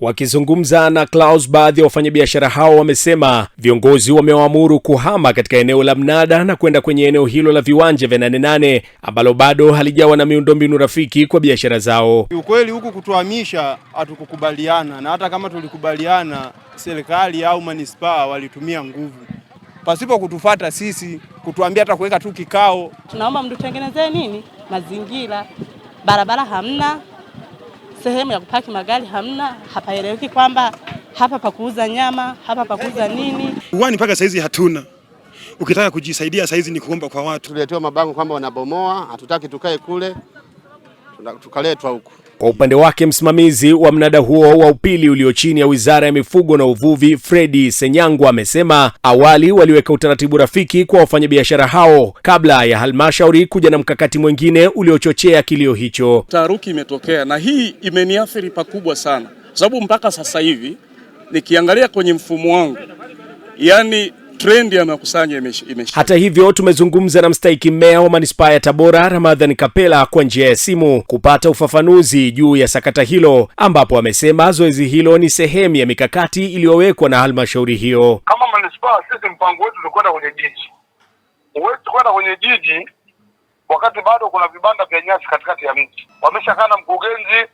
Wakizungumza na Klaus, baadhi ya wafanyabiashara hao wamesema viongozi wamewaamuru kuhama katika eneo la mnada na kwenda kwenye eneo hilo la viwanja vya nane nane ambalo bado halijawa na miundombinu rafiki kwa biashara zao. Ukweli huku kutuhamisha hatukukubaliana, na hata kama tulikubaliana, serikali au manispaa walitumia nguvu pasipo kutufata sisi, kutuambia hata kuweka tu kikao. Tunaomba mtutengenezee nini mazingira, barabara hamna sehemu ya kupaki magari hamna, hapaeleweki kwamba hapa pakuuza nyama, hapa pakuuza nini. uani mpaka saizi hatuna. Ukitaka kujisaidia saizi ni kuomba kwa watu. Tuletewa mabango kwamba wanabomoa, hatutaki tukae kule tukaletwa huku. Kwa upande wake msimamizi wa mnada huo wa upili ulio chini ya Wizara ya Mifugo na Uvuvi, Fredi Senyangwa, amesema awali waliweka utaratibu rafiki kwa wafanyabiashara hao kabla ya halmashauri kuja na mkakati mwingine uliochochea kilio hicho. Taharuki imetokea na hii imeniathiri pakubwa sana, kwa sababu mpaka sasa hivi nikiangalia kwenye mfumo wangu yani Trendi ya makusanyo imesh, Hata hivyo tumezungumza na mstahiki meya wa manispaa ya Tabora ramadhan Kapela kwa njia ya simu kupata ufafanuzi juu ya sakata hilo, ambapo amesema zoezi hilo ni sehemu ya mikakati iliyowekwa na halmashauri hiyo. Kama manispaa, sisi mpango wetu ni kwenda kwenye jiji, huwezi kwenda kwenye jiji wakati bado kuna vibanda vya nyasi katikati ya mji. Wameshakaa na mkurugenzi,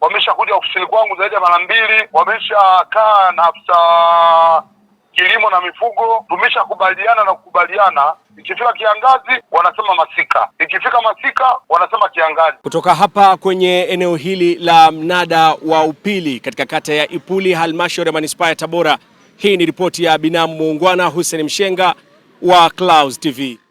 wameshakuja ofisini kwangu zaidi ya mara mbili, wameshakaa na afisa kilimo na mifugo tumeshakubaliana na kukubaliana, ikifika kiangazi wanasema masika, ikifika masika wanasema kiangazi. Kutoka hapa kwenye eneo hili la mnada wa Upili katika kata ya Ipuli, halmashauri ya manispaa ya Tabora, hii ni ripoti ya binamu muungwana Hussein Mshenga wa Clouds TV.